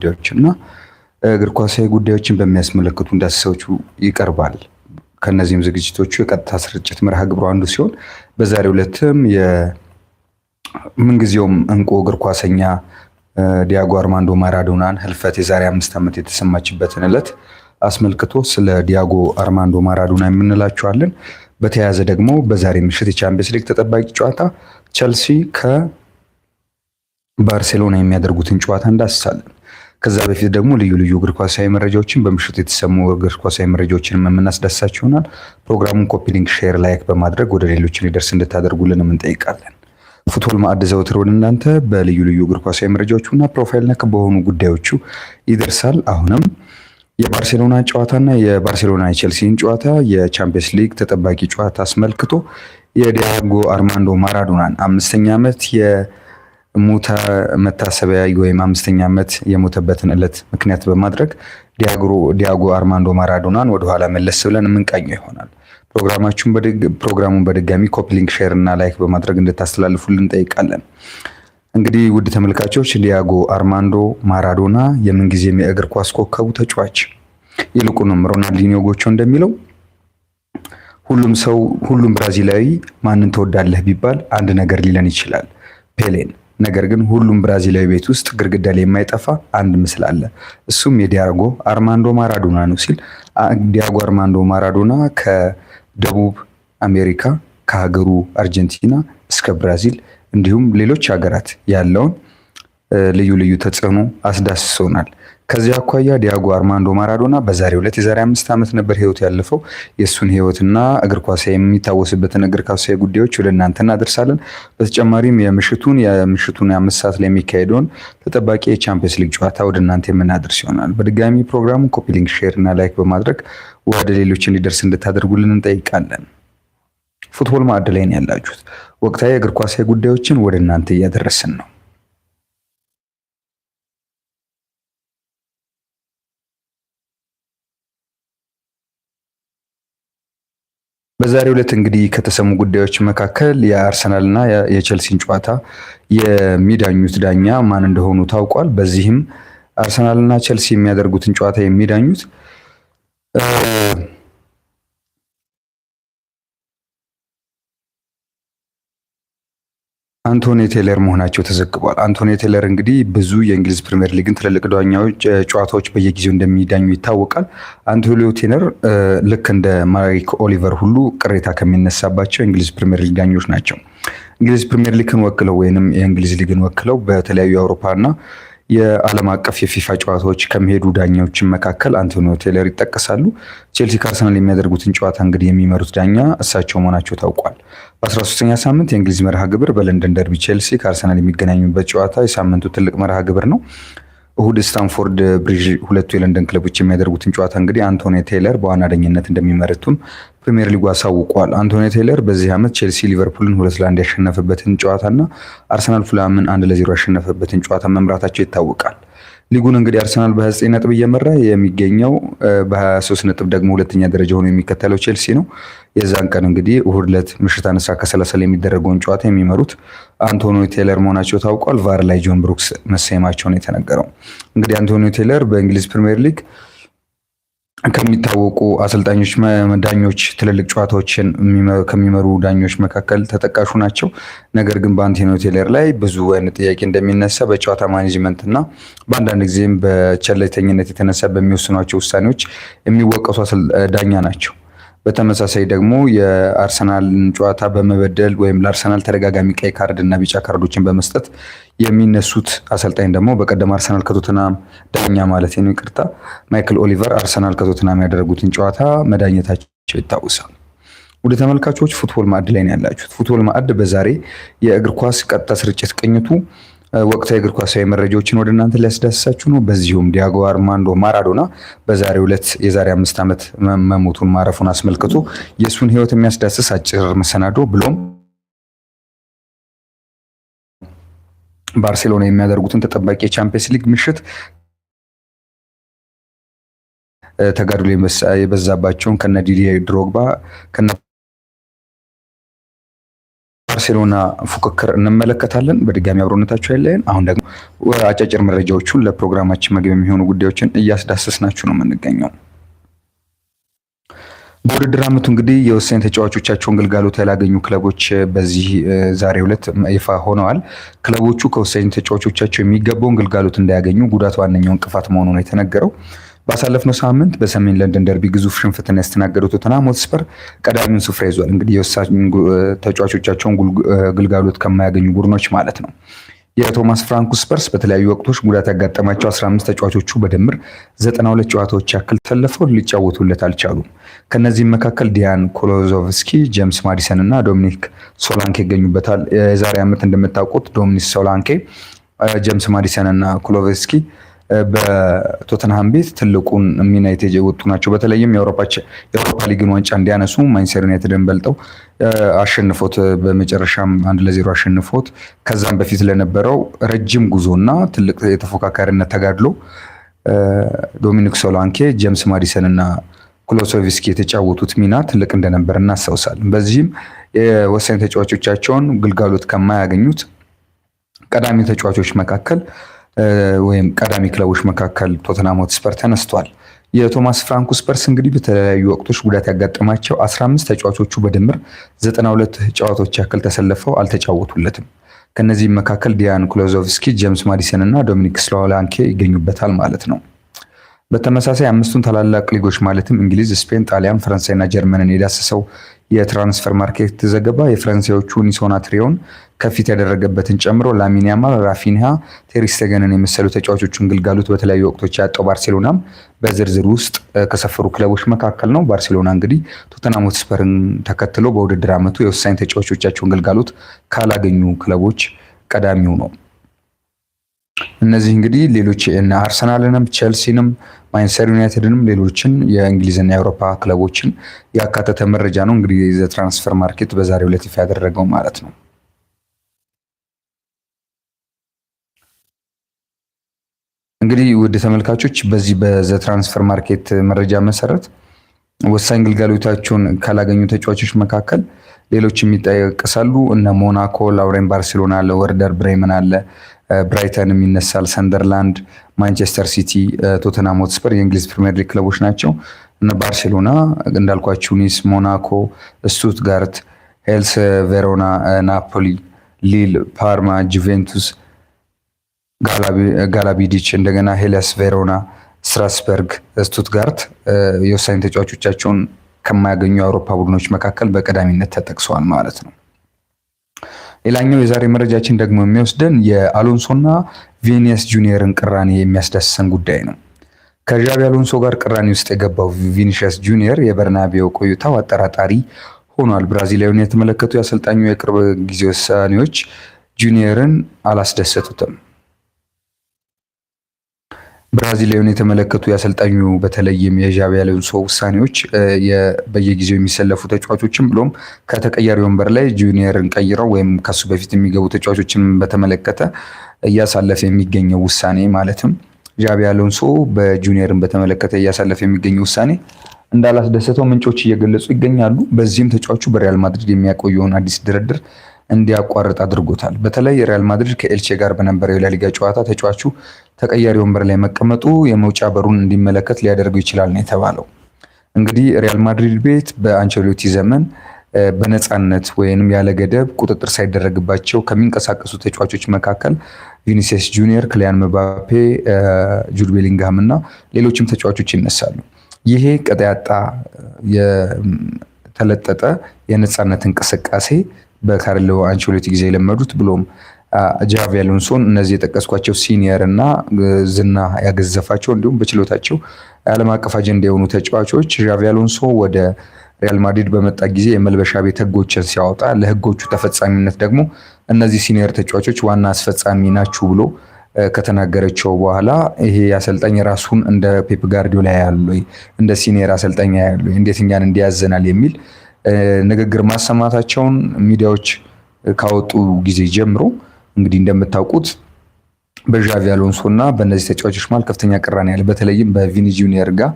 ጉዳዮች እና እግር ኳሳዊ ጉዳዮችን በሚያስመለክቱ እንዳሰሰዎቹ ይቀርባል። ከነዚህም ዝግጅቶቹ የቀጥታ ስርጭት መርሃ ግብሩ አንዱ ሲሆን በዛሬው ዕለትም የምንጊዜውም እንቁ እግር ኳሰኛ ዲያጎ አርማንዶ ማራዶናን ህልፈት የዛሬ አምስት ዓመት የተሰማችበትን ዕለት አስመልክቶ ስለ ዲያጎ አርማንዶ ማራዶና የምንላቸዋለን። በተያያዘ ደግሞ በዛሬ ምሽት የቻምፒየንስ ሊግ ተጠባቂ ጨዋታ ቸልሲ ከባርሴሎና የሚያደርጉትን ጨዋታ እንዳስሳለን። ከዛ በፊት ደግሞ ልዩ ልዩ እግር ኳሳዊ መረጃዎችን በምሽቱ የተሰሙ እግር ኳሳዊ መረጃዎችን የምናስደሳችሁ ይሆናል። ፕሮግራሙን ኮፒ ሊንክ፣ ሼር፣ ላይክ በማድረግ ወደ ሌሎች ሊደርስ እንድታደርጉልን እንጠይቃለን። ፉትቦል ማዕድ ዘውትር ወደ እናንተ በልዩ ልዩ እግር ኳሳዊ መረጃዎቹ እና ፕሮፋይል ነክ በሆኑ ጉዳዮቹ ይደርሳል። አሁንም የባርሴሎና ጨዋታና የባርሴሎና የቼልሲን ጨዋታ የቻምፒየንስ ሊግ ተጠባቂ ጨዋታ አስመልክቶ የዲያጎ አርማንዶ ማራዶናን አምስተኛ ዓመት ሞተ መታሰቢያ ወይም አምስተኛ ዓመት የሞተበትን ዕለት ምክንያት በማድረግ ዲያጎ አርማንዶ ማራዶናን ወደኋላ መለስ ብለን የምንቃኘው ይሆናል። ፕሮግራሙን በድጋሚ ኮፕሊንክ ሼር እና ላይክ በማድረግ እንድታስተላልፉልን እንጠይቃለን። እንግዲህ ውድ ተመልካቾች ዲያጎ አርማንዶ ማራዶና የምንጊዜም የእግር ኳስ ኮከቡ ተጫዋች ይልቁንም ሮናልዲኒዮ ጎቾ እንደሚለው ሁሉም ሰው ሁሉም ብራዚላዊ ማንን ትወዳለህ ቢባል አንድ ነገር ሊለን ይችላል፣ ፔሌን። ነገር ግን ሁሉም ብራዚላዊ ቤት ውስጥ ግድግዳ ላይ የማይጠፋ አንድ ምስል አለ። እሱም የዲያጎ አርማንዶ ማራዶና ነው ሲል ዲያጎ አርማንዶ ማራዶና ከደቡብ አሜሪካ ከሀገሩ አርጀንቲና እስከ ብራዚል እንዲሁም ሌሎች ሀገራት ያለውን ልዩ ልዩ ተጽዕኖ አስዳስሶናል። ከዚህ አኳያ ዲያጎ አርማንዶ ማራዶና በዛሬው ዕለት የዛሬ አምስት ዓመት ነበር ህይወቱ ያለፈው። የእሱን ህይወትና እግር ኳስ የሚታወስበትን እግር ኳሳዊ ጉዳዮች ወደ እናንተ እናደርሳለን። በተጨማሪም የምሽቱን የምሽቱን አምስት ሰዓት ላይ የሚካሄደውን ተጠባቂ የቻምፒየንስ ሊግ ጨዋታ ወደ እናንተ የምናደርስ ይሆናል። በድጋሚ ፕሮግራሙ ኮፒ ሊንክ፣ ሼር እና ላይክ በማድረግ ወደ ሌሎች እንዲደርስ እንድታደርጉልን እንጠይቃለን። ፉትቦል ማዕድ ላይ ነው ያላችሁት። ወቅታዊ እግር ኳሳዊ ጉዳዮችን ወደ እናንተ እያደረስን ነው። በዛሬው ዕለት እንግዲህ ከተሰሙ ጉዳዮች መካከል የአርሰናልና የቸልሲን ጨዋታ የሚዳኙት ዳኛ ማን እንደሆኑ ታውቋል። በዚህም አርሰናልና ቸልሲ የሚያደርጉትን ጨዋታ የሚዳኙት አንቶኒ ቴለር መሆናቸው ተዘግቧል። አንቶኒ ቴለር እንግዲህ ብዙ የእንግሊዝ ፕሪምየር ሊግን ትልልቅ ዳኛዎች ጨዋታዎች በየጊዜው እንደሚዳኙ ይታወቃል። አንቶኒ ቴለር ልክ እንደ ማሪክ ኦሊቨር ሁሉ ቅሬታ ከሚነሳባቸው የእንግሊዝ ፕሪምየር ሊግ ዳኞች ናቸው። እንግሊዝ ፕሪምየር ሊግን ወክለው ወይንም የእንግሊዝ ሊግን ወክለው በተለያዩ የአውሮፓና የዓለም አቀፍ የፊፋ ጨዋታዎች ከሚሄዱ ዳኛዎችን መካከል አንቶኒዮ ቴለር ይጠቀሳሉ። ቼልሲ ከአርሰናል የሚያደርጉትን ጨዋታ እንግዲህ የሚመሩት ዳኛ እሳቸው መሆናቸው ታውቋል። በ13ኛ ሳምንት የእንግሊዝ መርሃ ግብር በለንደን ደርቢ ቼልሲ ከአርሰናል የሚገናኙበት ጨዋታ የሳምንቱ ትልቅ መርሃ ግብር ነው። እሁድ ስታንፎርድ ብሪጅ ሁለቱ የለንደን ክለቦች የሚያደርጉትን ጨዋታ እንግዲህ አንቶኒ ቴይለር በዋና ዳኝነት እንደሚመረቱም ፕሪሚየር ሊጉ አሳውቋል። አንቶኒ ቴይለር በዚህ ዓመት ቼልሲ ሊቨርፑልን ሁለት ለአንድ ያሸነፈበትን ጨዋታና አርሰናል ፉላምን አንድ ለዜሮ ያሸነፈበትን ጨዋታ መምራታቸው ይታወቃል። ሊጉን እንግዲህ አርሰናል በ29 ነጥብ እየመራ የሚገኘው በ23 ነጥብ ደግሞ ሁለተኛ ደረጃ ሆኖ የሚከተለው ቼልሲ ነው። የዛን ቀን እንግዲህ እሁድ ዕለት ምሽት አነሳ ከሰላሳ የሚደረገውን ጨዋታ የሚመሩት አንቶኒ ቴለር መሆናቸው ታውቋል። ቫር ላይ ጆን ብሩክስ መሰየማቸው ነው የተነገረው። እንግዲህ አንቶኒ ቴለር በእንግሊዝ ፕሪምየር ሊግ ከሚታወቁ አሰልጣኞች፣ ዳኞች ትልልቅ ጨዋታዎችን ከሚመሩ ዳኞች መካከል ተጠቃሹ ናቸው። ነገር ግን በአንቴኖ ቴሌር ላይ ብዙ አይነት ጥያቄ እንደሚነሳ በጨዋታ ማኔጅመንት እና በአንዳንድ ጊዜም በቸለተኝነት የተነሳ በሚወስኗቸው ውሳኔዎች የሚወቀሱ ዳኛ ናቸው። በተመሳሳይ ደግሞ የአርሰናልን ጨዋታ በመበደል ወይም ለአርሰናል ተደጋጋሚ ቀይ ካርድ እና ቢጫ ካርዶችን በመስጠት የሚነሱት አሰልጣኝ ደግሞ በቀደም አርሰናል ከቶትናም ዳኛ ማለት ነው ይቅርታ፣ ማይክል ኦሊቨር አርሰናል ከቶትናም ያደረጉትን ጨዋታ መዳኘታቸው ይታወሳል። ወደ ተመልካቾች ፉትቦል ማዕድ ላይ ነው ያላችሁት። ፉትቦል ማዕድ በዛሬ የእግር ኳስ ቀጥታ ስርጭት ቅኝቱ ወቅታዊ እግር ኳሳዊ መረጃዎችን ወደ እናንተ ሊያስዳስሳችሁ ነው። በዚሁም ዲያጎ አርማንዶ ማራዶና በዛሬው ዕለት የዛሬ አምስት ዓመት መሞቱን ማረፉን አስመልክቶ የእሱን ሕይወት የሚያስዳስስ አጭር መሰናዶ ብሎም ባርሴሎና የሚያደርጉትን ተጠባቂ የቻምፒየንስ ሊግ ምሽት ተጋድሎ የበዛባቸውን ከነ ዲዲዬ ድሮግባ ከነ ባርሴሎና ፉክክር እንመለከታለን። በድጋሚ አብሮነታችሁ ያለን። አሁን ደግሞ አጫጭር መረጃዎቹን ለፕሮግራማችን መግቢያ የሚሆኑ ጉዳዮችን እያስዳሰስናችሁ ነው የምንገኘው። በውድድር ዓመቱ እንግዲህ የወሳኝ ተጫዋቾቻቸውን ግልጋሎት ያላገኙ ክለቦች በዚህ ዛሬ ሁለት ይፋ ሆነዋል። ክለቦቹ ከወሳኝ ተጫዋቾቻቸው የሚገባውን ግልጋሎት እንዳያገኙ ጉዳት ዋነኛው እንቅፋት መሆኑ ነው የተነገረው። ባሳለፍነው ሳምንት በሰሜን ለንደን ደርቢ ግዙፍ ሽንፈትን ያስተናገዱት ቶተንሃም ሆትስፐር ቀዳሚውን ስፍራ ይዟል። እንግዲህ የወሳኝ ተጫዋቾቻቸውን ግልጋሎት ከማያገኙ ቡድኖች ማለት ነው። የቶማስ ፍራንኩ ስፐርስ በተለያዩ ወቅቶች ጉዳት ያጋጠማቸው 15 ተጫዋቾቹ በድምር 92 ጨዋታዎች ያክል ተሰልፈው ሊጫወቱለት አልቻሉም። ከእነዚህም መካከል ዲያን ኮሎዞቭስኪ፣ ጄምስ ማዲሰን እና ዶሚኒክ ሶላንኬ ይገኙበታል። የዛሬ ዓመት እንደምታውቁት ዶሚኒክ ሶላንኬ፣ ጄምስ ማዲሰን እና ኮሎቭስኪ በቶተንሃም ቤት ትልቁን ሚና የተወጡ ናቸው። በተለይም የአውሮፓ ሊግን ዋንጫ እንዲያነሱ ማንቸስተር ዩናይትድን በልጠው አሸንፎት በመጨረሻም አንድ ለዜሮ አሸንፎት ከዛም በፊት ለነበረው ረጅም ጉዞና ትልቅ የተፎካካሪነት ተጋድሎ ዶሚኒክ ሶላንኬ፣ ጄምስ ማዲሰን እና ክሎሶቪስኪ የተጫወቱት ሚና ትልቅ እንደነበር እናስታውሳለን። በዚህም የወሳኝ ተጫዋቾቻቸውን ግልጋሎት ከማያገኙት ቀዳሚ ተጫዋቾች መካከል ወይም ቀዳሚ ክለቦች መካከል ቶተናም ሆትስፐር ተነስቷል። የቶማስ ፍራንኩ ስፐርስ እንግዲህ በተለያዩ ወቅቶች ጉዳት ያጋጠማቸው 15 ተጫዋቾቹ በድምር 92 ጨዋታዎች ያክል ተሰልፈው አልተጫወቱለትም። ከነዚህም መካከል ዲያን ኩሎዞቭስኪ፣ ጄምስ ማዲሰን እና ዶሚኒክ ስሎላንኬ ይገኙበታል ማለት ነው። በተመሳሳይ አምስቱን ታላላቅ ሊጎች ማለትም እንግሊዝ፣ ስፔን፣ ጣሊያን፣ ፈረንሳይና ጀርመንን የዳሰሰው የትራንስፈር ማርኬት ዘገባ የፈረንሳዮቹ ኒሶና ትሬውን ከፊት ያደረገበትን ጨምሮ ላሚን ያማል፣ ራፊንሃ፣ ቴሪስተገንን የመሰሉ ተጫዋቾቹን ግልጋሎት በተለያዩ ወቅቶች ያጣው ባርሴሎናም በዝርዝር ውስጥ ከሰፈሩ ክለቦች መካከል ነው። ባርሴሎና እንግዲህ ቶተናም ሆትስፐርን ተከትሎ በውድድር ዓመቱ የወሳኝ ተጫዋቾቻቸውን ግልጋሎት ካላገኙ ክለቦች ቀዳሚው ነው። እነዚህ እንግዲህ ሌሎች እነ አርሰናልንም ቼልሲንም ማንቸስተር ዩናይትድንም ሌሎችን የእንግሊዝና የአውሮፓ ክለቦችን ያካተተ መረጃ ነው። እንግዲህ ዘ ትራንስፈር ማርኬት በዛሬው ዕለት ይፋ ያደረገው ማለት ነው። እንግዲህ ውድ ተመልካቾች በዚህ በዘትራንስፈር ማርኬት መረጃ መሰረት ወሳኝ ግልጋሎታቸውን ካላገኙ ተጫዋቾች መካከል ሌሎች የሚጠቀሳሉ እነ ሞናኮ፣ ላውሬን ባርሴሎና አለ፣ ወርደር ብሬመን አለ፣ ብራይተንም ይነሳል፣ ሰንደርላንድ፣ ማንቸስተር ሲቲ፣ ቶተናም ሆትስፐር የእንግሊዝ ፕሪሚየር ሊግ ክለቦች ናቸው። እነ ባርሴሎና እንዳልኳችሁ ኒስ፣ ሞናኮ፣ ስቱትጋርት፣ ሄልስ ቬሮና፣ ናፖሊ፣ ሊል፣ ፓርማ፣ ጁቬንቱስ ጋላቢዲች፣ እንደገና ሄሊያስ ቬሮና፣ ስትራስበርግ፣ ስቱትጋርት የወሳኝ ተጫዋቾቻቸውን ከማያገኙ የአውሮፓ ቡድኖች መካከል በቀዳሚነት ተጠቅሰዋል ማለት ነው። ሌላኛው የዛሬ መረጃችን ደግሞ የሚወስደን የአሎንሶና ቪኒየስ ጁኒየርን ቅራኔ የሚያስዳስሰን ጉዳይ ነው። ከዣቢ አሎንሶ ጋር ቅራኔ ውስጥ የገባው ቪኒሽስ ጁኒየር የበርናቤው ቆይታው አጠራጣሪ ሆኗል። ብራዚላዊን የተመለከቱ የአሰልጣኙ የቅርብ ጊዜ ውሳኔዎች ጁኒየርን አላስደሰቱትም። ብራዚላዊን የተመለከቱ የአሰልጣኙ በተለይም የዣቢ አሎንሶ ውሳኔዎች በየጊዜው የሚሰለፉ ተጫዋቾችን ብሎም ከተቀያሪ ወንበር ላይ ጁኒየርን ቀይረው ወይም ከሱ በፊት የሚገቡ ተጫዋቾችን በተመለከተ እያሳለፈ የሚገኘው ውሳኔ ማለትም ዣቢ አሎንሶ በጁኒየርን በተመለከተ እያሳለፈ የሚገኘው ውሳኔ እንዳላስደሰተው ምንጮች እየገለጹ ይገኛሉ። በዚህም ተጫዋቹ በሪያል ማድሪድ የሚያቆየውን አዲስ ድርድር እንዲያቋርጥ አድርጎታል። በተለይ ሪያል ማድሪድ ከኤልቼ ጋር በነበረው የላሊጋ ጨዋታ ተጫዋቹ ተቀያሪ ወንበር ላይ መቀመጡ የመውጫ በሩን እንዲመለከት ሊያደርገው ይችላል ነው የተባለው። እንግዲህ ሪያል ማድሪድ ቤት በአንቸሎቲ ዘመን በነፃነት ወይም ያለ ገደብ ቁጥጥር ሳይደረግባቸው ከሚንቀሳቀሱ ተጫዋቾች መካከል ቪኒሲየስ ጁኒየር፣ ክሊያን መባፔ፣ ጁድ ቤሊንግሃም እና ሌሎችም ተጫዋቾች ይነሳሉ። ይሄ ቀጠያጣ የተለጠጠ የነፃነት እንቅስቃሴ በካርሎ አንቸሎቲ ጊዜ የለመዱት ብሎም ጃቪ አሎንሶን እነዚህ የጠቀስኳቸው ሲኒየር እና ዝና ያገዘፋቸው እንዲሁም በችሎታቸው የዓለም አቀፍ አጀንዳ የሆኑ ተጫዋቾች ዣቪ አሎንሶ ወደ ሪያል ማድሪድ በመጣ ጊዜ የመልበሻ ቤት ህጎችን ሲያወጣ ለህጎቹ ተፈጻሚነት ደግሞ እነዚህ ሲኒየር ተጫዋቾች ዋና አስፈጻሚ ናችሁ ብሎ ከተናገረቸው በኋላ ይሄ አሰልጣኝ ራሱን እንደ ፔፕ ጋርዲዮላ ያሉ እንደ ሲኒየር አሰልጣኝ ያሉ እንዴት እኛን እንዲያዘናል የሚል ንግግር ማሰማታቸውን ሚዲያዎች ካወጡ ጊዜ ጀምሮ እንግዲህ እንደምታውቁት በዣቪ አሎንሶ እና በእነዚህ ተጫዋቾች መሃል ከፍተኛ ቅራኔ ያለ በተለይም በቪኒ ጁኒየር ጋር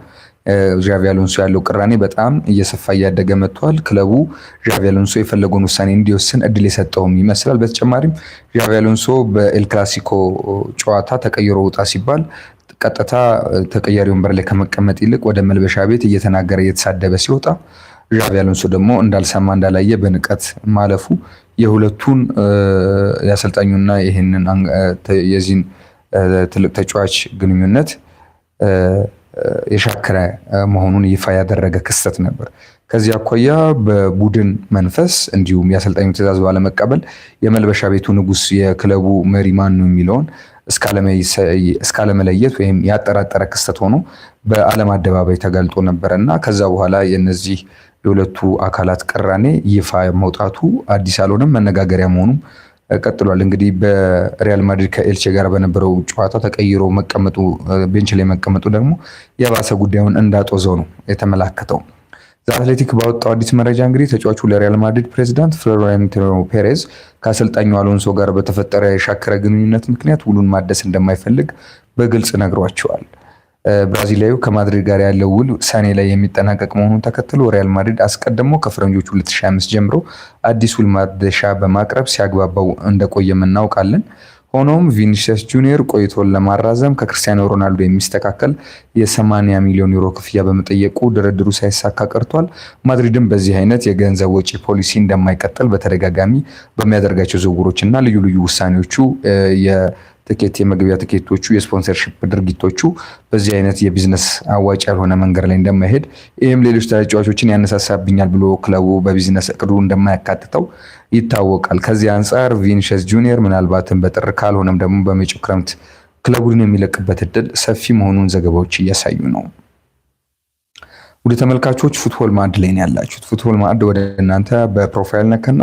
ዣቪ አሎንሶ ያለው ቅራኔ በጣም እየሰፋ እያደገ መጥቷል። ክለቡ ዣቪ አሎንሶ የፈለገውን ውሳኔ እንዲወስን እድል የሰጠውም ይመስላል። በተጨማሪም ዣቪ አሎንሶ በኤልክላሲኮ ጨዋታ ተቀይሮ ውጣ ሲባል ቀጥታ ተቀያሪ ወንበር ላይ ከመቀመጥ ይልቅ ወደ መልበሻ ቤት እየተናገረ እየተሳደበ ሲወጣ ዣቢ አሎንሶ ደግሞ እንዳልሰማ እንዳላየ በንቀት ማለፉ የሁለቱን የአሰልጣኙና ይህንን የዚህን ትልቅ ተጫዋች ግንኙነት የሻከረ መሆኑን ይፋ ያደረገ ክስተት ነበር። ከዚህ አኳያ በቡድን መንፈስ እንዲሁም የአሰልጣኙ ትዕዛዝ ባለመቀበል የመልበሻ ቤቱ ንጉስ የክለቡ መሪ ማን ነው የሚለውን እስካለመለየት ወይም ያጠራጠረ ክስተት ሆኖ በዓለም አደባባይ ተጋልጦ ነበረ እና ከዛ በኋላ የነዚህ የሁለቱ አካላት ቅራኔ ይፋ መውጣቱ አዲስ አልሆነም፣ መነጋገሪያ መሆኑም ቀጥሏል። እንግዲህ በሪያል ማድሪድ ከኤልቼ ጋር በነበረው ጨዋታ ተቀይሮ መቀመጡ ቤንች ላይ መቀመጡ ደግሞ የባሰ ጉዳዩን እንዳጦዘው ነው የተመላከተው። ዘአትሌቲክ ባወጣው አዲስ መረጃ እንግዲህ ተጫዋቹ ለሪያል ማድሪድ ፕሬዚዳንት ፍሎሬንቲኖ ፔሬዝ ከአሰልጣኙ አሎንሶ ጋር በተፈጠረ የሻከረ ግንኙነት ምክንያት ውሉን ማደስ እንደማይፈልግ በግልጽ ነግሯቸዋል። ብራዚላዊ ከማድሪድ ጋር ያለው ውል ሰኔ ላይ የሚጠናቀቅ መሆኑን ተከትሎ ሪያል ማድሪድ አስቀድሞ ከፈረንጆቹ 2025 ጀምሮ አዲስ ውል ማደሻ በማቅረብ ሲያግባባው እንደቆየም እናውቃለን። ሆኖም ቪኒሲየስ ጁኒየር ቆይቶን ለማራዘም ከክርስቲያኖ ሮናልዶ የሚስተካከል የ80 ሚሊዮን ዩሮ ክፍያ በመጠየቁ ድርድሩ ሳይሳካ ቀርቷል። ማድሪድም በዚህ አይነት የገንዘብ ወጪ ፖሊሲ እንደማይቀጥል በተደጋጋሚ በሚያደርጋቸው ዝውውሮች እና ልዩ ልዩ ውሳኔዎቹ ትኬት፣ የመግቢያ ትኬቶቹ፣ የስፖንሰርሽፕ ድርጊቶቹ በዚህ አይነት የቢዝነስ አዋጭ ያልሆነ መንገድ ላይ እንደማይሄድ ይህም ሌሎች ተጫዋቾችን ያነሳሳብኛል ብሎ ክለቡ በቢዝነስ እቅዱ እንደማያካትተው ይታወቃል። ከዚህ አንጻር ቪኒሽስ ጁኒየር ምናልባትም በጥር ካልሆነም ደግሞ በመጪው ክረምት ክለቡን የሚለቅበት እድል ሰፊ መሆኑን ዘገባዎች እያሳዩ ነው። ወደ ተመልካቾች ፉትቦል ማዕድ ላይ ያላችሁት። ፉትቦል ማዕድ ወደ እናንተ በፕሮፋይል ነክና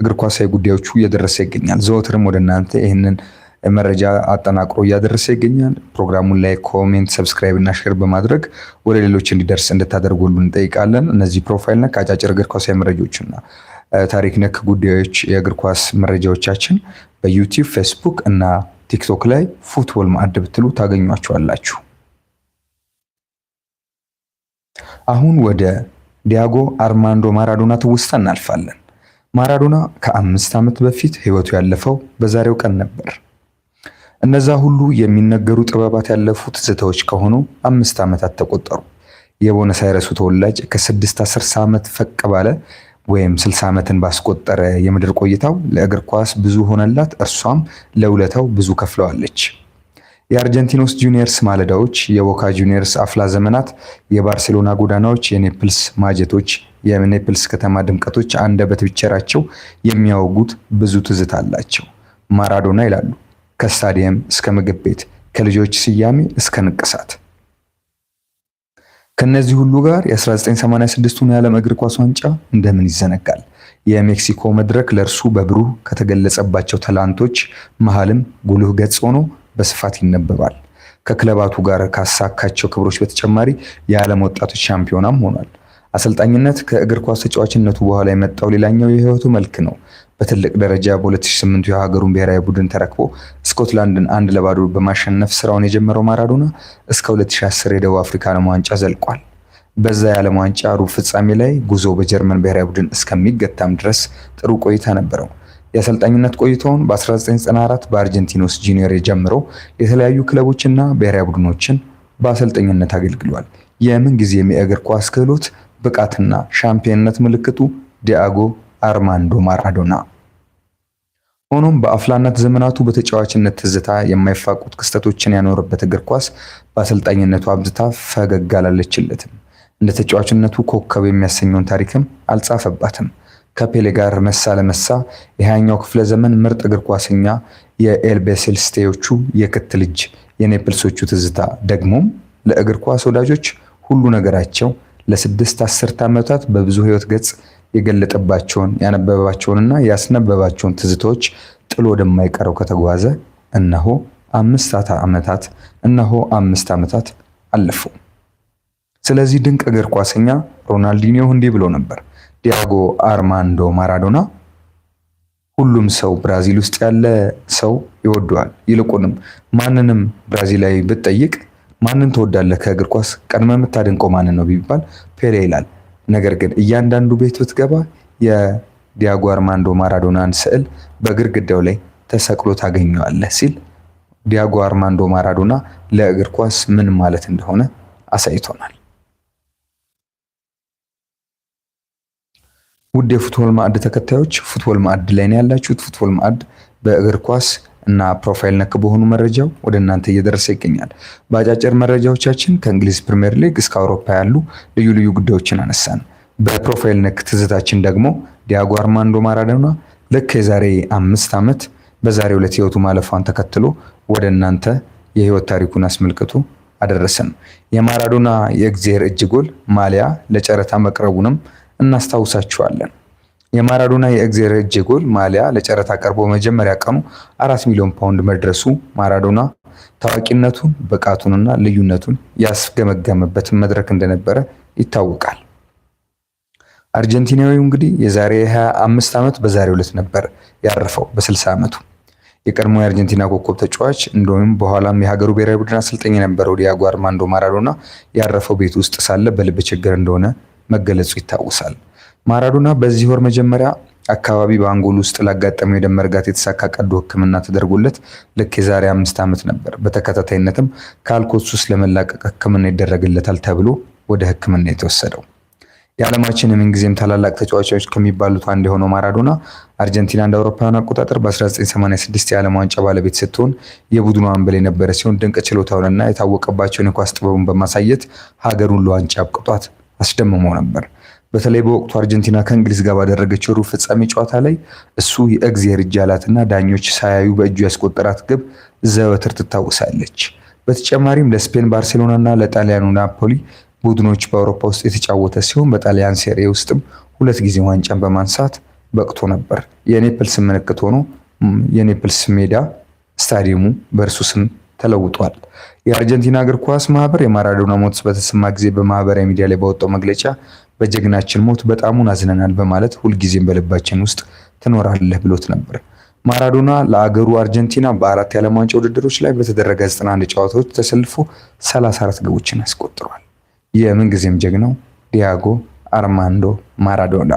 እግር ኳሳዊ ጉዳዮቹ እየደረሰ ይገኛል። ዘወትርም ወደ እናንተ ይህንን መረጃ አጠናቅሮ እያደረሰ ይገኛል። ፕሮግራሙን ላይ ኮሜንት፣ ሰብስክራይብ እና ሼር በማድረግ ወደ ሌሎች እንዲደርስ እንድታደርጉሉ እንጠይቃለን። እነዚህ ፕሮፋይል ነክ አጫጭር እግር ኳሳዊ መረጃዎችና ታሪክ ነክ ጉዳዮች የእግር ኳስ መረጃዎቻችን በዩቲዩብ ፌስቡክ እና ቲክቶክ ላይ ፉትቦል ማዕድ ብትሉ ታገኟቸዋላችሁ። አሁን ወደ ዲያጎ አርማንዶ ማራዶና ትውስታ እናልፋለን። ማራዶና ከአምስት ዓመት በፊት ህይወቱ ያለፈው በዛሬው ቀን ነበር። እነዛ ሁሉ የሚነገሩ ጥበባት ያለፉ ትዝታዎች ከሆኑ አምስት ዓመታት ተቆጠሩ። የቦነስ አይረሱ ተወላጅ ከስድስት 10 ዓመት ፈቅ ባለ ወይም ስልሳ ዓመትን ባስቆጠረ የምድር ቆይታው ለእግር ኳስ ብዙ ሆነላት፣ እርሷም ለውለታው ብዙ ከፍለዋለች። የአርጀንቲኖስ ጁኒየርስ ማለዳዎች፣ የቦካ ጁኒየርስ አፍላ ዘመናት፣ የባርሴሎና ጎዳናዎች፣ የኔፕልስ ማጀቶች፣ የኔፕልስ ከተማ ድምቀቶች አንደበት ብቸራቸው የሚያወጉት ብዙ ትዝታ አላቸው። ማራዶና ይላሉ ከስታዲየም እስከ ምግብ ቤት፣ ከልጆች ስያሜ እስከ ንቅሳት። ከነዚህ ሁሉ ጋር የ1986ቱን የዓለም እግር ኳስ ዋንጫ እንደምን ይዘነጋል? የሜክሲኮ መድረክ ለእርሱ በብሩህ ከተገለጸባቸው ተላንቶች መሃልም ጉልህ ገጽ ሆኖ በስፋት ይነበባል። ከክለባቱ ጋር ካሳካቸው ክብሮች በተጨማሪ የዓለም ወጣቶች ሻምፒዮናም ሆኗል። አሰልጣኝነት ከእግር ኳስ ተጫዋችነቱ በኋላ የመጣው ሌላኛው የህይወቱ መልክ ነው። በትልቅ ደረጃ በ2008 የሀገሩን ብሔራዊ ቡድን ተረክቦ ስኮትላንድን አንድ ለባዶ በማሸነፍ ስራውን የጀመረው ማራዶና እስከ 2010 የደቡብ አፍሪካ ዓለም ዋንጫ ዘልቋል። በዛ የዓለም ዋንጫ ሩብ ፍጻሜ ላይ ጉዞ በጀርመን ብሔራዊ ቡድን እስከሚገታም ድረስ ጥሩ ቆይታ ነበረው። የአሰልጣኝነት ቆይታውን በ1994 በአርጀንቲኖስ ጁኒየር ጀምሮ የተለያዩ ክለቦችና ብሔራዊ ቡድኖችን በአሰልጠኝነት አገልግሏል። የምን ጊዜም የእግር ኳስ ክህሎት ብቃትና ሻምፒዮንነት ምልክቱ ዲያጎ አርማንዶ ማራዶና። ሆኖም በአፍላነት ዘመናቱ በተጫዋችነት ትዝታ የማይፋቁት ክስተቶችን ያኖረበት እግር ኳስ በአሰልጣኝነቱ አብዝታ ፈገግ አላለችለትም። እንደ ተጫዋችነቱ ኮከብ የሚያሰኘውን ታሪክም አልጻፈባትም። ከፔሌ ጋር መሳ ለመሳ የሃያኛው ክፍለ ዘመን ምርጥ እግር ኳሰኛ የኤልቤሴልስቴዎቹ የክት ልጅ የኔፕልሶቹ ትዝታ ደግሞም ለእግር ኳስ ወዳጆች ሁሉ ነገራቸው ለስድስት አስርት ዓመታት በብዙ ህይወት ገጽ የገለጠባቸውን ያነበባቸውንና ያስነበባቸውን ትዝታዎች ጥሎ ወደማይቀረው ከተጓዘ እነሆ አምስት ዓመታት እነሆ አምስት ዓመታት አለፉ። ስለዚህ ድንቅ እግር ኳሰኛ ሮናልዲኒዮ እንዲህ ብሎ ነበር። ዲያጎ አርማንዶ ማራዶና ሁሉም ሰው ብራዚል ውስጥ ያለ ሰው ይወደዋል። ይልቁንም ማንንም ብራዚላዊ ብትጠይቅ ማንን ትወዳለህ ከእግር ኳስ ቀድመ የምታደንቀው ማንን ነው ቢባል ፔሌ ይላል። ነገር ግን እያንዳንዱ ቤት ብትገባ የዲያጎ አርማንዶ ማራዶናን ስዕል በግድግዳው ላይ ተሰቅሎ ታገኘዋለህ ሲል ዲያጎ አርማንዶ ማራዶና ለእግር ኳስ ምን ማለት እንደሆነ አሳይቶናል። ውድ የፉትቦል ማዕድ ተከታዮች ፉትቦል ማዕድ ላይ ነው ያላችሁት። ፉትቦል ማዕድ በእግር ኳስ እና ፕሮፋይል ነክ በሆኑ መረጃው ወደ እናንተ እየደረሰ ይገኛል። በአጫጭር መረጃዎቻችን ከእንግሊዝ ፕሪምየር ሊግ እስከ አውሮፓ ያሉ ልዩ ልዩ ጉዳዮችን አነሳን። በፕሮፋይል ነክ ትዝታችን ደግሞ ዲያጎ አርማንዶ ማራዶና ልክ የዛሬ አምስት ዓመት በዛሬ ዕለት ህይወቱ ማለፏን ተከትሎ ወደ እናንተ የህይወት ታሪኩን አስመልክቶ አደረሰን። የማራዶና የእግዜር እጅ ጎል ማሊያ ለጨረታ መቅረቡንም እናስታውሳችኋለን። የማራዶና የእግዚአብሔር እጅ ጎል ማሊያ ለጨረታ ቀርቦ መጀመሪያ ቀኑ አራት ሚሊዮን ፓውንድ መድረሱ ማራዶና ታዋቂነቱን ብቃቱንና ልዩነቱን ያስገመገመበትን መድረክ እንደነበረ ይታወቃል። አርጀንቲናዊው እንግዲህ የዛሬ 25 ዓመት በዛሬው ዕለት ነበር ያረፈው በ60 ዓመቱ። የቀድሞ የአርጀንቲና ኮከብ ተጫዋች እንደሆነም በኋላም የሀገሩ ብሔራዊ ቡድን አሰልጣኝ የነበረው ዲያጎ አርማንዶ ማራዶና ያረፈው ቤት ውስጥ ሳለ በልብ ችግር እንደሆነ መገለጹ ይታወሳል። ማራዶና በዚህ ወር መጀመሪያ አካባቢ በአንጎል ውስጥ ላጋጠመው የደም መርጋት የተሳካ ቀዶ ሕክምና ተደርጎለት ልክ የዛሬ አምስት ዓመት ነበር። በተከታታይነትም ከአልኮል ሱስ ለመላቀቅ ሕክምና ይደረግለታል ተብሎ ወደ ሕክምና የተወሰደው የዓለማችን የምንጊዜም ታላላቅ ተጫዋቾች ከሚባሉት አንድ የሆነው ማራዶና አርጀንቲና እንደ አውሮፓውያን አቆጣጠር በ1986 የዓለም ዋንጫ ባለቤት ስትሆን የቡድኑ አንበል የነበረ ሲሆን ድንቅ ችሎታውንና የታወቀባቸውን የኳስ ጥበቡን በማሳየት ሀገሩን ለዋንጫ አብቅቷት አስደምሞ ነበር። በተለይ በወቅቱ አርጀንቲና ከእንግሊዝ ጋር ባደረገችው ሩብ ፍጻሜ ጨዋታ ላይ እሱ የእግዜር እጅ አላትና ዳኞች ሳያዩ በእጁ ያስቆጠራት ግብ ዘወትር ትታወሳለች። በተጨማሪም ለስፔን ባርሴሎና እና ለጣሊያኑ ናፖሊ ቡድኖች በአውሮፓ ውስጥ የተጫወተ ሲሆን በጣሊያን ሴሬ ውስጥም ሁለት ጊዜ ዋንጫን በማንሳት በቅቶ ነበር። የኔፕልስ ምልክት ሆኖ የኔፕልስ ሜዳ ስታዲየሙ በእርሱ ስም ተለውጧል። የአርጀንቲና እግር ኳስ ማህበር የማራዶና ሞትስ በተሰማ ጊዜ በማህበራዊ ሚዲያ ላይ በወጣው መግለጫ በጀግናችን ሞት በጣሙን አዝነናል በማለት ሁልጊዜም በልባችን ውስጥ ትኖራለህ ብሎት ነበር። ማራዶና ለአገሩ አርጀንቲና በአራት የዓለም ዋንጫ ውድድሮች ላይ በተደረገ 91 ጨዋታዎች ተሰልፎ 34 ግቦችን አስቆጥሯል። የምንጊዜም ጀግናው ዲያጎ አርማንዶ ማራዶና።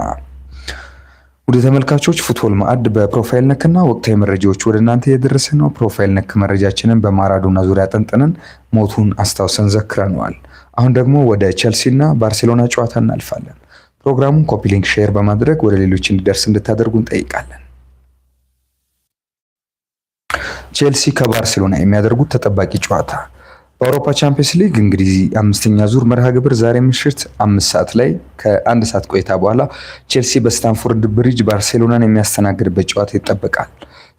ወደ ተመልካቾች ፉትቦል ማዕድ በፕሮፋይል ነክና ወቅታዊ መረጃዎች ወደ እናንተ እየደረሰ ነው። ፕሮፋይል ነክ መረጃችንን በማራዶና ዙሪያ ጠንጥነን ሞቱን አስታውሰን ዘክረነዋል። አሁን ደግሞ ወደ ቸልሲ እና ባርሴሎና ጨዋታ እናልፋለን። ፕሮግራሙን ኮፒ ሊንክ፣ ሼር በማድረግ ወደ ሌሎች እንዲደርስ እንድታደርጉ እንጠይቃለን። ቼልሲ ከባርሴሎና የሚያደርጉት ተጠባቂ ጨዋታ በአውሮፓ ቻምፒየንስ ሊግ እንግዲህ አምስተኛ ዙር መርሃ ግብር ዛሬ ምሽት አምስት ሰዓት ላይ ከአንድ ሰዓት ቆይታ በኋላ ቼልሲ በስታንፎርድ ብሪጅ ባርሴሎናን የሚያስተናግድበት ጨዋታ ይጠበቃል።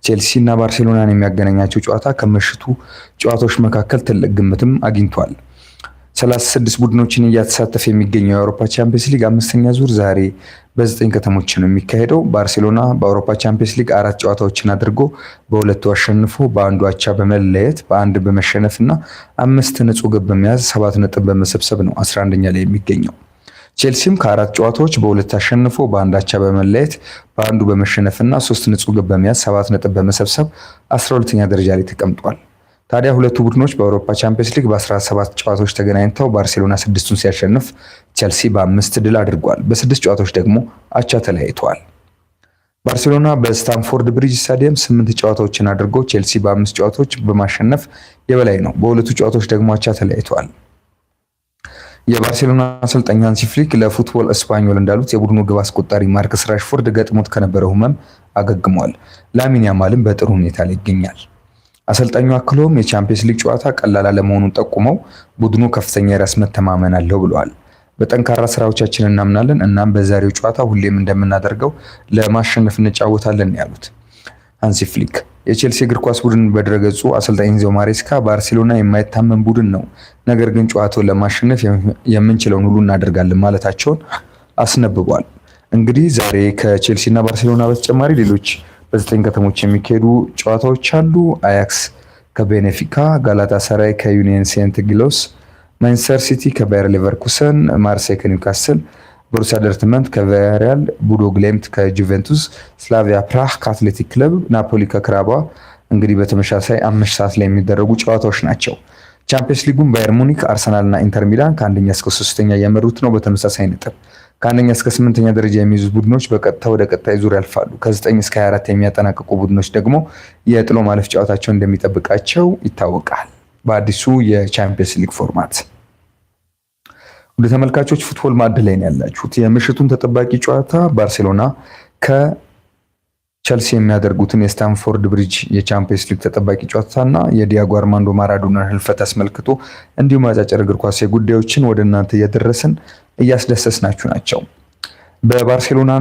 ቼልሲ እና ባርሴሎናን የሚያገናኛቸው ጨዋታ ከምሽቱ ጨዋታዎች መካከል ትልቅ ግምትም አግኝቷል። ሰላሳ ስድስት ቡድኖችን እያተሳተፈ የሚገኘው የአውሮፓ ቻምፒየንስ ሊግ አምስተኛ ዙር ዛሬ በዘጠኝ ከተሞች ነው የሚካሄደው። ባርሴሎና በአውሮፓ ቻምፒየንስ ሊግ አራት ጨዋታዎችን አድርጎ በሁለቱ አሸንፎ በአንዱ አቻ በመለየት በአንድ በመሸነፍ እና አምስት ንጹሕ ግብ በመያዝ ሰባት ነጥብ በመሰብሰብ ነው አስራ አንደኛ ላይ የሚገኘው። ቼልሲም ከአራት ጨዋታዎች በሁለት አሸንፎ በአንድ አቻ በመለየት በአንዱ በመሸነፍ እና ሶስት ንጹሕ ግብ በመያዝ ሰባት ነጥብ በመሰብሰብ አስራ ሁለተኛ ደረጃ ላይ ተቀምጧል። ታዲያ ሁለቱ ቡድኖች በአውሮፓ ቻምፒየንስ ሊግ በ17 ጨዋታዎች ተገናኝተው ባርሴሎና ስድስቱን ሲያሸንፍ ቼልሲ በአምስት ድል አድርጓል። በስድስት ጨዋታዎች ደግሞ አቻ ተለያይተዋል። ባርሴሎና በስታንፎርድ ብሪጅ ስታዲየም ስምንት ጨዋታዎችን አድርጎ ቼልሲ በአምስት ጨዋታዎች በማሸነፍ የበላይ ነው። በሁለቱ ጨዋታዎች ደግሞ አቻ ተለያይተዋል። የባርሴሎና አሰልጣኝ ሃንሲ ፍሊክ ለፉትቦል እስፓኞል እንዳሉት የቡድኑ ግብ አስቆጣሪ ማርክስ ራሽፎርድ ገጥሞት ከነበረው ህመም አገግሟል። ላሚን ያማልም በጥሩ ሁኔታ ላይ ይገኛል። አሰልጣኙ አክሎም የቻምፒየንስ ሊግ ጨዋታ ቀላል አለመሆኑን ጠቁመው ቡድኑ ከፍተኛ የራስ መተማመን አለው ብለዋል። በጠንካራ ስራዎቻችን እናምናለን። እናም በዛሬው ጨዋታ ሁሌም እንደምናደርገው ለማሸነፍ እንጫወታለን ያሉት ሃንሲ ፍሊክ የቼልሲ እግር ኳስ ቡድን በድረገጹ አሰልጣኝ ኢንዞ ማሬስካ ባርሴሎና የማይታመን ቡድን ነው፣ ነገር ግን ጨዋታውን ለማሸነፍ የምንችለውን ሁሉ እናደርጋለን ማለታቸውን አስነብቧል። እንግዲህ ዛሬ ከቼልሲ እና ባርሴሎና በተጨማሪ ሌሎች በዘጠኝ ከተሞች የሚካሄዱ ጨዋታዎች አሉ። አያክስ ከቤኔፊካ፣ ጋላታ ሰራይ ከዩኒየን ሴንት ግሎስ፣ ማንቸስተር ሲቲ ከባየር ሌቨርኩሰን፣ ማርሴይ ከኒውካስል፣ ቦሩሲያ ደርትመንት ከቪያሪያል፣ ቡዶ ግሌምት ከጁቬንቱስ፣ ስላቪያ ፕራህ ከአትሌቲክ ክለብ፣ ናፖሊ ከክራባ እንግዲህ በተመሳሳይ አምስት ሰዓት ላይ የሚደረጉ ጨዋታዎች ናቸው። ቻምፒየንስ ሊጉን ባየር ሙኒክ፣ አርሰናል እና ኢንተር ሚላን ከአንደኛ እስከ ሶስተኛ እያመሩት ነው በተመሳሳይ ነጥብ ከአንደኛ እስከ ስምንተኛ ደረጃ የሚይዙት ቡድኖች በቀጥታ ወደ ቀጣይ ዙር ያልፋሉ ከዘጠኝ ከ9 እስከ 24 የሚያጠናቀቁ ቡድኖች ደግሞ የጥሎ ማለፍ ጨዋታቸው እንደሚጠብቃቸው ይታወቃል። በአዲሱ የቻምፒየንስ ሊግ ፎርማት ወደ ተመልካቾች ፉትቦል ማዕድ ላይ ነው ያላችሁት። የምሽቱን ተጠባቂ ጨዋታ ባርሴሎና ከቸልሲ የሚያደርጉትን የስታንፎርድ ብሪጅ የቻምፒየንስ ሊግ ተጠባቂ ጨዋታና የዲያጎ አርማንዶ ማራዶና ህልፈት አስመልክቶ እንዲሁም አጫጭር እግር ኳስ ጉዳዮችን ወደ እናንተ እያደረስን እያስደሰስናችሁ ናቸው። በባርሴሎና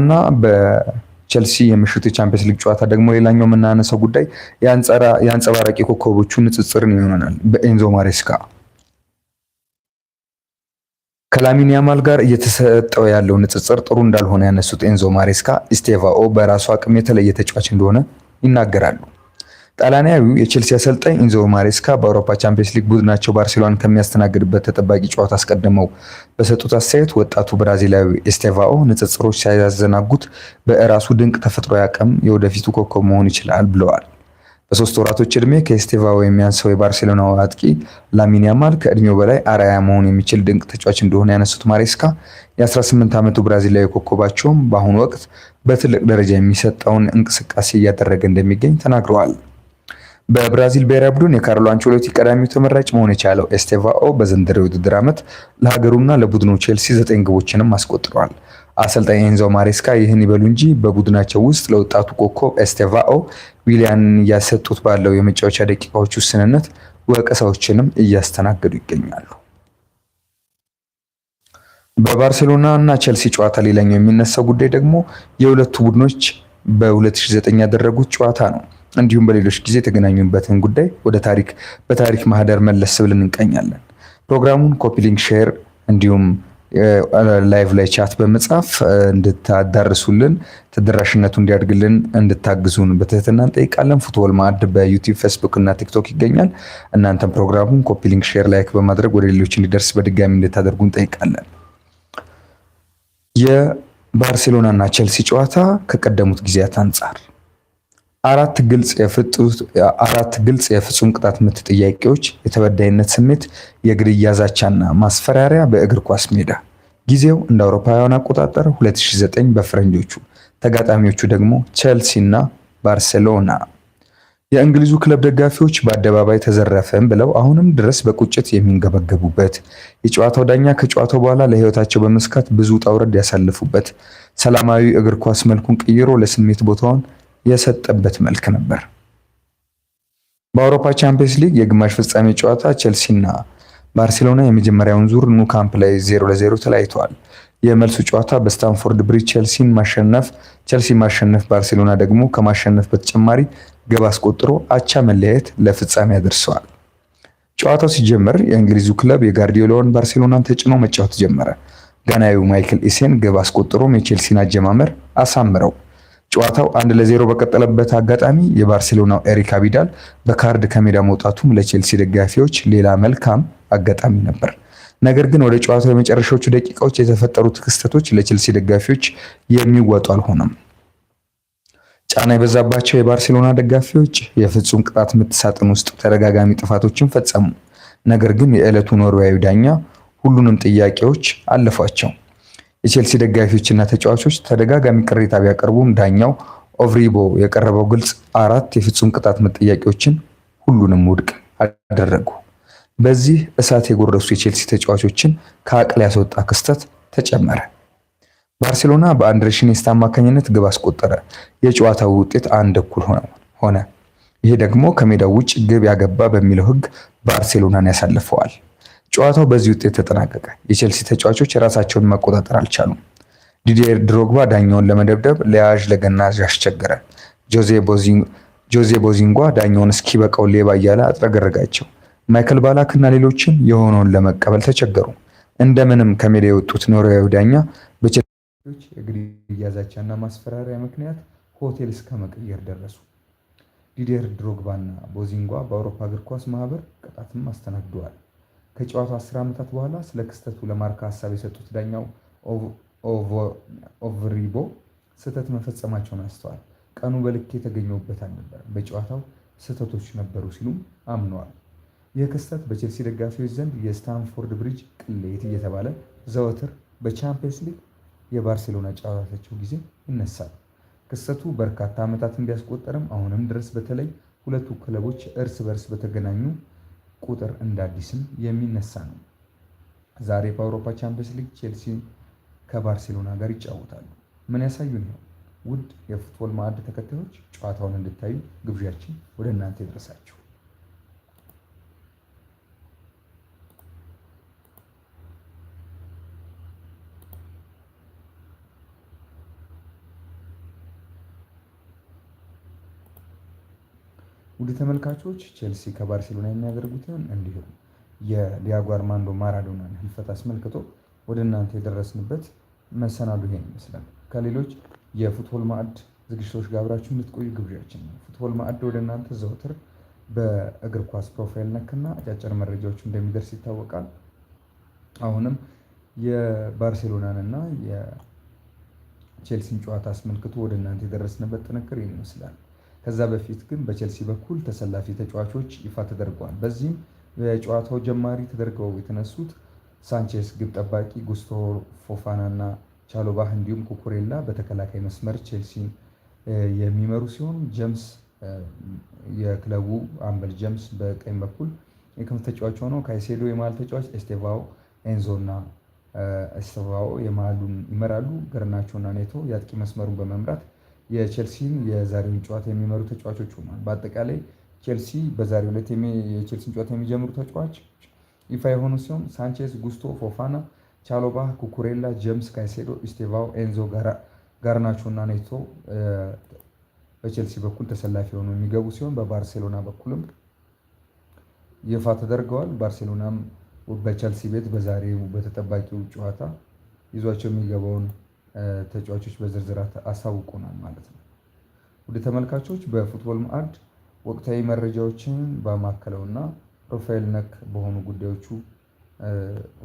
በቸልሲ በቼልሲ የምሽቱ የቻምፒየንስ ሊግ ጨዋታ ደግሞ ሌላኛው የምናነሳው ጉዳይ የአንጸባራቂ ኮከቦቹ ንጽጽርን ይሆነናል። በኤንዞ ማሬስካ ከላሚን ያማል ጋር እየተሰጠው ያለው ንጽጽር ጥሩ እንዳልሆነ ያነሱት ኤንዞ ማሬስካ ኢስቴቫኦ በራሱ አቅም የተለየ ተጫዋች እንደሆነ ይናገራሉ። ጣሊያናዊው የቼልሲ አሰልጣኝ ኢንዞ ማሬስካ በአውሮፓ ቻምፒየንስ ሊግ ቡድናቸው ባርሴሎና ከሚያስተናግድበት ተጠባቂ ጨዋታ አስቀድመው በሰጡት አስተያየት ወጣቱ ብራዚላዊ ኤስቴቫኦ ንጽጽሮች ሳያዘናጉት በእራሱ ድንቅ ተፈጥሮ ያቀም የወደፊቱ ኮከብ መሆን ይችላል ብለዋል። በሶስት ወራቶች እድሜ ከኤስቴቫኦ የሚያንሰው የባርሴሎና አጥቂ ላሚን ያማል ከእድሜው በላይ አርአያ መሆን የሚችል ድንቅ ተጫዋች እንደሆነ ያነሱት ማሬስካ የ18 ዓመቱ ብራዚላዊ ኮከባቸውም በአሁኑ ወቅት በትልቅ ደረጃ የሚሰጠውን እንቅስቃሴ እያደረገ እንደሚገኝ ተናግረዋል። በብራዚል ብሔራዊ ቡድን የካርሎ አንቸሎቲ ቀዳሚው ተመራጭ መሆን የቻለው ኤስቴቫኦ በዘንድሮ የውድድር ዓመት ለሀገሩና ለቡድኑ ቼልሲ ዘጠኝ ግቦችንም አስቆጥሯል። አሰልጣኝ ኤንዞ ማሬስካ ይህን ይበሉ እንጂ በቡድናቸው ውስጥ ለወጣቱ ኮከብ ኤስቴቫኦ ዊሊያንን እያሰጡት ባለው የመጫወቻ ደቂቃዎች ውስንነት ወቀሳዎችንም እያስተናገዱ ይገኛሉ። በባርሴሎና እና ቼልሲ ጨዋታ ሌላኛው የሚነሳው ጉዳይ ደግሞ የሁለቱ ቡድኖች በ2009 ያደረጉት ጨዋታ ነው። እንዲሁም በሌሎች ጊዜ የተገናኙበትን ጉዳይ ወደ ታሪክ በታሪክ ማህደር መለስ ብለን እንቀኛለን። ፕሮግራሙን ኮፒሊንግ ሼር፣ እንዲሁም ላይቭ ላይ ቻት በመጻፍ እንድታዳርሱልን ተደራሽነቱ እንዲያድግልን እንድታግዙን በትህትና እንጠይቃለን። ፉትቦል ማዕድ በዩቲዩብ ፌስቡክ እና ቲክቶክ ይገኛል። እናንተም ፕሮግራሙን ኮፒሊንግ ሼር፣ ላይክ በማድረግ ወደ ሌሎች እንዲደርስ በድጋሚ እንድታደርጉ እንጠይቃለን። የባርሴሎና እና ቼልሲ ጨዋታ ከቀደሙት ጊዜያት አንጻር አራት ግልጽ የፍጹም ቅጣት ምት ጥያቄዎች፣ የተበዳይነት ስሜት፣ የግድያ ዛቻና ማስፈራሪያ በእግር ኳስ ሜዳ። ጊዜው እንደ አውሮፓውያን አቆጣጠር 2009 በፈረንጆቹ፣ ተጋጣሚዎቹ ደግሞ ቼልሲ እና ባርሴሎና። የእንግሊዙ ክለብ ደጋፊዎች በአደባባይ ተዘረፈን ብለው አሁንም ድረስ በቁጭት የሚንገበገቡበት የጨዋታው ዳኛ ከጨዋታው በኋላ ለሕይወታቸው በመስካት ብዙ ውጣ ውረድ ሰላማዊ እግር ኳስ መልኩን ቀይሮ ለስሜት ቦታውን የሰጠበት መልክ ነበር። በአውሮፓ ቻምፒየንስ ሊግ የግማሽ ፍጻሜ ጨዋታ ቼልሲና ባርሴሎና የመጀመሪያውን ዙር ኑ ካምፕ ላይ 0 ለ0 ተለያይተዋል። የመልሱ ጨዋታ በስታንፎርድ ብሪጅ ቼልሲን ማሸነፍ ቼልሲ ማሸነፍ ባርሴሎና ደግሞ ከማሸነፍ በተጨማሪ ግብ አስቆጥሮ አቻ መለያየት ለፍጻሜ ያደርሰዋል። ጨዋታው ሲጀመር የእንግሊዙ ክለብ የጓርዲዮላውን ባርሴሎናን ተጭኖ መጫወት ጀመረ። ጋናዊው ማይክል ኢሴን ግብ አስቆጥሮም የቼልሲን አጀማመር አሳምረው ጨዋታው አንድ ለዜሮ በቀጠለበት አጋጣሚ የባርሴሎናው ኤሪክ አቢዳል በካርድ ከሜዳ መውጣቱም ለቼልሲ ደጋፊዎች ሌላ መልካም አጋጣሚ ነበር። ነገር ግን ወደ ጨዋታው የመጨረሻዎቹ ደቂቃዎች የተፈጠሩት ክስተቶች ለቼልሲ ደጋፊዎች የሚወጡ አልሆነም። ጫና የበዛባቸው የባርሴሎና ደጋፊዎች የፍጹም ቅጣት ምት ሳጥን ውስጥ ተደጋጋሚ ጥፋቶችን ፈጸሙ። ነገር ግን የዕለቱ ኖርዌያዊ ዳኛ ሁሉንም ጥያቄዎች አለፏቸው። የቼልሲ ደጋፊዎችና ተጫዋቾች ተደጋጋሚ ቅሬታ ቢያቀርቡም ዳኛው ኦቭሪቦ የቀረበው ግልጽ አራት የፍጹም ቅጣት መጠያቂዎችን ሁሉንም ውድቅ አደረጉ። በዚህ እሳት የጎረሱ የቼልሲ ተጫዋቾችን ከአቅል ያስወጣ ክስተት ተጨመረ። ባርሴሎና በአንድሬ አማካኝነት ግብ አስቆጠረ። የጨዋታው ውጤት አንድ እኩል ሆነ። ይሄ ደግሞ ከሜዳው ውጭ ግብ ያገባ በሚለው ሕግ ባርሴሎናን ያሳልፈዋል። ጨዋታው በዚህ ውጤት ተጠናቀቀ። የቼልሲ ተጫዋቾች የራሳቸውን መቆጣጠር አልቻሉም። ዲዲየር ድሮግባ ዳኛውን ለመደብደብ ለያዥ ለገናዥ አስቸገረ። ጆዜ ቦዚንጓ ዳኛውን እስኪበቃው ሌባ እያለ አጥረገረጋቸው። ማይክል ባላክ እና ሌሎችም የሆነውን ለመቀበል ተቸገሩ። እንደምንም ከሜዳ የወጡት ኖርዌያዊ ዳኛ በቼልሲዎች የግድያ ዛቻና ማስፈራሪያ ምክንያት ሆቴል እስከ መቀየር ደረሱ። ዲዲየር ድሮግባና ቦዚንጓ በአውሮፓ እግር ኳስ ማህበር ቅጣትም አስተናግደዋል። ከጨዋታው 10 ዓመታት በኋላ ስለ ክስተቱ ለማርካ ሀሳብ የሰጡት ዳኛው ኦቭሪቦ ስህተት መፈጸማቸውን አስተዋል። ቀኑ በልክ የተገኘውበት አልነበረም፣ በጨዋታው ስህተቶች ነበሩ ሲሉም አምነዋል። ይህ ክስተት በቼልሲ ደጋፊዎች ዘንድ የስታንፎርድ ብሪጅ ቅሌት እየተባለ ዘወትር በቻምፒየንስ ሊግ የባርሴሎና ጨዋታቸው ጊዜ ይነሳል። ክስተቱ በርካታ ዓመታትን ቢያስቆጠርም አሁንም ድረስ በተለይ ሁለቱ ክለቦች እርስ በርስ በተገናኙ ቁጥር እንደ አዲስም የሚነሳ ነው። ዛሬ በአውሮፓ ቻምፒየንስ ሊግ ቼልሲ ከባርሴሎና ጋር ይጫወታሉ። ምን ያሳዩን ነው? ውድ የፉትቦል ማዕድ ተከታዮች ጨዋታውን እንድታዩ ግብዣችን ወደ እናንተ ይድረሳችሁ። ውድ ተመልካቾች ቼልሲ ከባርሴሎና የሚያደርጉትን እንዲሁም የዲያጎ አርማንዶ ማራዶናን ህልፈት አስመልክቶ ወደ እናንተ የደረስንበት መሰናዱ ይሄን ይመስላል። ከሌሎች የፉትቦል ማዕድ ዝግጅቶች ጋር አብራችሁ እንድትቆዩ ግብዣችን ነው። ፉትቦል ማዕድ ወደ እናንተ ዘውትር በእግር ኳስ ፕሮፋይል ነክና አጫጭር መረጃዎች እንደሚደርስ ይታወቃል። አሁንም የባርሴሎናን እና የቼልሲን ጨዋታ አስመልክቶ ወደ እናንተ የደረስንበት ጥንቅር ይመስላል። ከዛ በፊት ግን በቼልሲ በኩል ተሰላፊ ተጫዋቾች ይፋ ተደርገዋል። በዚህም የጨዋታው ጀማሪ ተደርገው የተነሱት ሳንቼስ ግብ ጠባቂ፣ ጉስቶ ፎፋና እና ቻሎባህ እንዲሁም ኩኩሬላ በተከላካይ መስመር ቼልሲን የሚመሩ ሲሆን ጀምስ የክለቡ አምበል ጀምስ በቀኝ በኩል የክንፍ ተጫዋች ሆነው ካይሴዶ የመሃል ተጫዋች ኤስቴቫኦ ኤንዞና ኤስቴቫኦ የመሃሉን ይመራሉ። ገርናቾና ኔቶ የአጥቂ መስመሩን በመምራት የቼልሲን የዛሬውን ጨዋታ የሚመሩ ተጫዋቾች ሆኗል። በአጠቃላይ ቼልሲ በዛሬው ዕለት የቼልሲን ጨዋታ የሚጀምሩ ተጫዋቾች ይፋ የሆኑ ሲሆን ሳንቼስ፣ ጉስቶ፣ ፎፋና፣ ቻሎባ፣ ኩኩሬላ፣ ጀምስ፣ ካይሴዶ፣ ኢስቴቫው፣ ኤንዞ፣ ጋርናቾ እና ኔቶ በቼልሲ በኩል ተሰላፊ የሆኑ የሚገቡ ሲሆን በባርሴሎና በኩልም ይፋ ተደርገዋል። ባርሴሎናም በቼልሲ ቤት በዛሬው በተጠባቂው ጨዋታ ይዟቸው የሚገባውን ተጫዋቾች በዝርዝራት አሳውቁናል ማለት ነው። ወደ ተመልካቾች በፉትቦል ማዕድ ወቅታዊ መረጃዎችን ባማከለውና ፕሮፋይል ነክ በሆኑ ጉዳዮቹ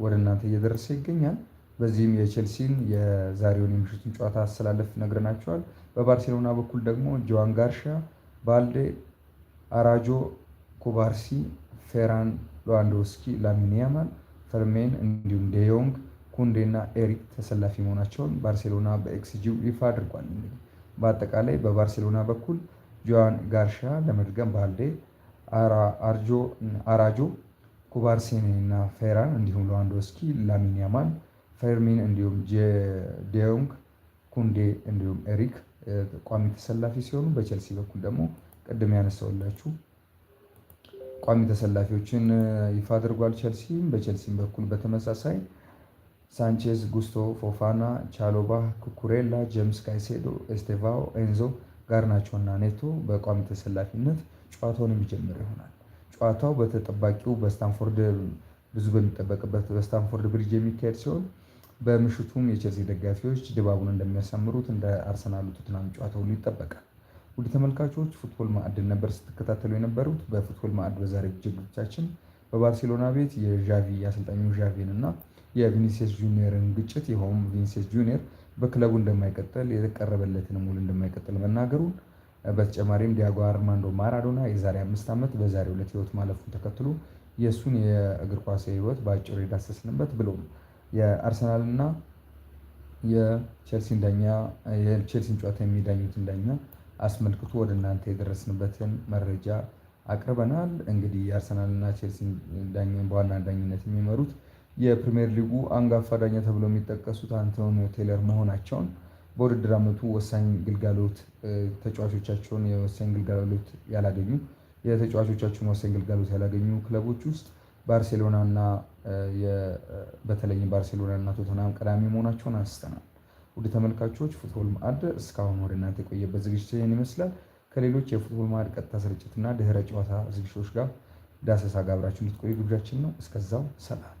ወደ እናንተ እየደረሰ ይገኛል። በዚህም የቼልሲን የዛሬውን የምሽቱን ጨዋታ አስተላለፍ ነግረናቸዋል። በባርሴሎና በኩል ደግሞ ጆዋን ጋርሻ፣ ባልዴ፣ አራጆ፣ ኩባርሲ፣ ፌራን ሎዋንዶስኪ፣ ላሚን ያማል፣ ፈርሜን እንዲሁም ዴዮንግ ኩንዴና ኤሪክ ተሰላፊ መሆናቸውን ባርሴሎና በኤክስጂው ይፋ አድርጓል። እንግዲህ በአጠቃላይ በባርሴሎና በኩል ጆዋን ጋርሻ ለመድገም ባልዴ፣ አራጆ፣ ኩባርሴኒ እና ፌራን እንዲሁም ለዋንዶስኪ፣ ላሚን ያማል፣ ፌርሚን እንዲሁም ዴዮንግ፣ ኩንዴ እንዲሁም ኤሪክ ቋሚ ተሰላፊ ሲሆኑ በቸልሲ በኩል ደግሞ ቅድም ያነሳውላችሁ ቋሚ ተሰላፊዎችን ይፋ አድርጓል። ቸልሲ በቸልሲም በኩል በተመሳሳይ ሳንቼዝ፣ ጉስቶ ፎፋና፣ ቻሎባ፣ ኩኩሬላ፣ ጀምስ ካይሴዶ፣ ኤስቴቫኦ፣ ኤንዞ ጋር ናቸው እና ኔቶ በቋሚ ተሰላፊነት ጨዋታውን የሚጀምር ይሆናል። ጨዋታው በተጠባቂው በስታንፎርድ ብዙ በሚጠበቅበት በስታንፎርድ ብሪጅ የሚካሄድ ሲሆን በምሽቱም የቼልሲ ደጋፊዎች ድባቡን እንደሚያሳምሩት እንደ አርሰናሉ ቶትናም ጨዋታ ሁሉ ይጠበቃል። ውድ ተመልካቾች ፉትቦል ማዕድን ነበር ስትከታተሉ የነበሩት። በፉትቦል ማዕድ በዛሬ ዝግጅቶቻችን በባርሴሎና ቤት የዣቪ አሰልጣኙ ዣቪን እና የቪኒሲየስ ጁኒየርን ግጭት ይኸውም ቪኒሲየስ ጁኒየር በክለቡ እንደማይቀጥል የተቀረበለትን ውል እንደማይቀጥል መናገሩን በተጨማሪም ዲያጎ አርማንዶ ማራዶና የዛሬ አምስት ዓመት በዛሬ ዕለት ህይወት ማለፉን ተከትሎ የእሱን የእግር ኳስ ህይወት በአጭሩ የዳሰስንበት ብሎም የአርሰናልና የቼልሲን ዳኛ የቼልሲን ጨዋታ የሚዳኙትን ዳኛ አስመልክቶ ወደ እናንተ የደረስንበትን መረጃ አቅርበናል። እንግዲህ የአርሰናልና ቼልሲን ዳኛን በዋና ዳኝነት የሚመሩት የፕሪምየር ሊጉ አንጋፋ ዳኛ ተብለው የሚጠቀሱት አንቶኒዮ ቴለር መሆናቸውን በውድድር ዓመቱ ወሳኝ ግልጋሎት ተጫዋቾቻቸውን የወሳኝ ግልጋሎት ያላገኙ የተጫዋቾቻቸውን ወሳኝ ግልጋሎት ያላገኙ ክለቦች ውስጥ ባርሴሎና እና በተለይ ባርሴሎና እና ቶተናም ቀዳሚ መሆናቸውን አንስተናል። ውድ ተመልካቾች ፉትቦል ማዕድ እስካሁን ወደ እናንተ የቆየበት ዝግጅት ይህን ይመስላል። ከሌሎች የፉትቦል ማዕድ ቀጥታ ስርጭትና ድህረ ጨዋታ ዝግጅቶች ጋር ዳሰሳ ጋብራችሁ አብራችሁ እንድትቆዩ ግብዣችን ነው። እስከዛው ሰላም።